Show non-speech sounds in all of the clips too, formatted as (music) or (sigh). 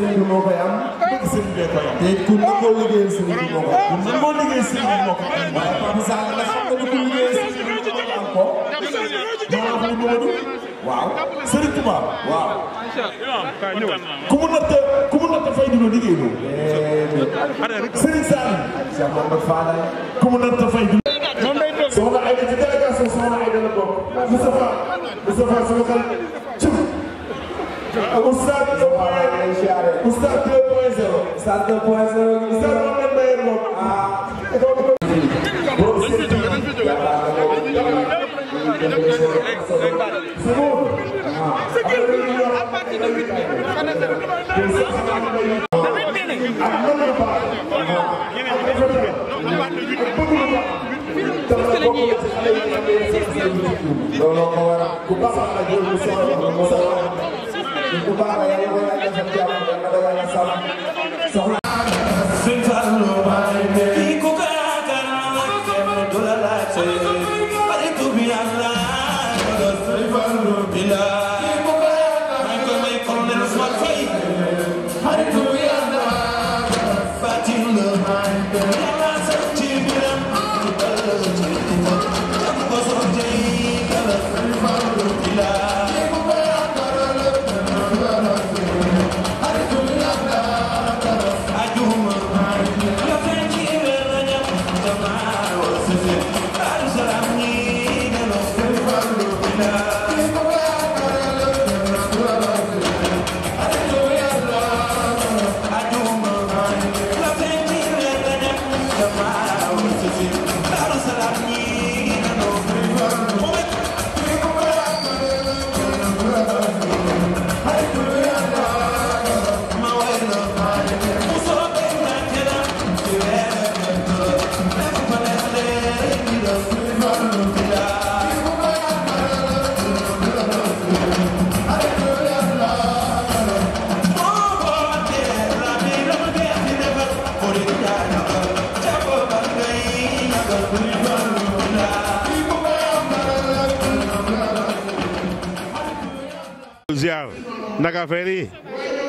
sëriñ bi moo koy am bëgg sëriñ bee koy am te ku nangoo liggéeyal sëriñ bi moo ko am ku nangoo liggéeyal sëriñ bi moo ko am waaye Pape Sall nag xam nga ku liggéeyal sëriñ bi moo ko am ko maanaam lu Mamadou waaw sëriñ Touba waaw ku mu natt ku mu natt fay dundoo liggéey boobu eh, sëriñ Sall ku mu natt fay dundoo Oustaz 2 point 0. Oustaz 2 point 0. Oustaz moom lañ mayee moom. ah. boobu surtout. looloo ko waral ku baax a la jël bu baax la yàlla ko yàlla defal jàmm yàlla ko yàlla sàmm soxla sintal lu bàyyi ku ko yaakaar na dula laaj naka affaire yi.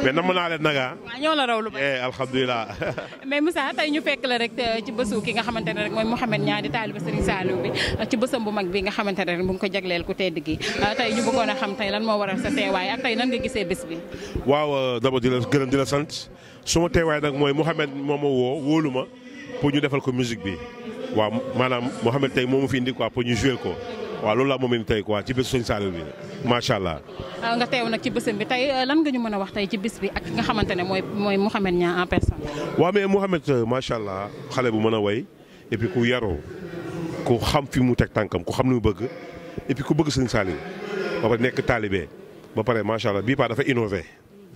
mais namm naa leen naga. waaw ñoo la raw lu bëri. Eh, alhamdulilah. (laughs) mais Moussa tey ñu fekk la rek eh, ci bësu ki nga xamante ne rek mooy Mouhamed Niang di taaliba Serigne Saliou bi eh, ci bësam bu mag bi nga xamante ne rek bu ngi ko jagleel ku tedd gi tey ñu bëggoon a xam tey lan moo waral sa teewaay ak tey nan nga gisee bés bi. waaw d'abord di la gërëm di la sant suma teewaay nag mooy Mouhamed moom moo woo wóolu ma pour ñu defal ko musique bi waa maanaam Mouhamed tey moo ma fi indi pour ñu jouer ko. waaw loolu laa moom indi tey quoi ci bés Sëñ Saliou bi macha allah. Ah, nga teew nag ci bésam bi tey euh, lan nga ñu mën a wax tey ci bés bi ak nga xamante ne mooy mooy Mouhamed Niang en personne. waaw mais Mouhamed euh, macha allah xale bu mën a way et puis ku yaroo ku xam fi mu teg tànkam ku xam lu mu bëgg et ku bëgg Sëñ Saliou ba pare nekk taalibe ba pare macha allah bii paa dafa innové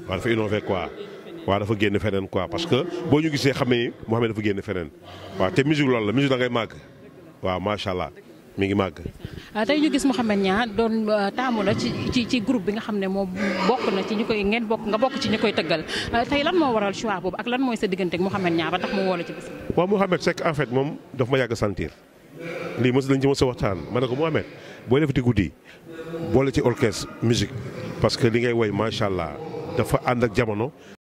waa dafa innové quoi. waaw dafa génn feneen quoi parce que boo ñu gisee xam ne Mouhamed dafa génn feneen waaw te musique la musique da ngay màgg waaw macha allah mi ngi màgg. Ah, tey ñu gis Mouhamed Niang doon ah, taamu la ci ci ci groupe bi nga xam ne moom bokk na ci ñu koy ngeen bokk nga bokk ci ñu koy tëggal ah, tey lan moo waral choix boobu ak lan mooy sa diggante ak Mouhamed Niang ba tax mu woo la ci bés bi. waaw Mouhamed Seck en fait moom daf ma yàgg sentir lii mos nañ ci mos a waxtaan ma ne ko Mouhamed boo defati guddi boole ci orchestre musique parce que li ngay woy macha allah dafa ànd ak jamono.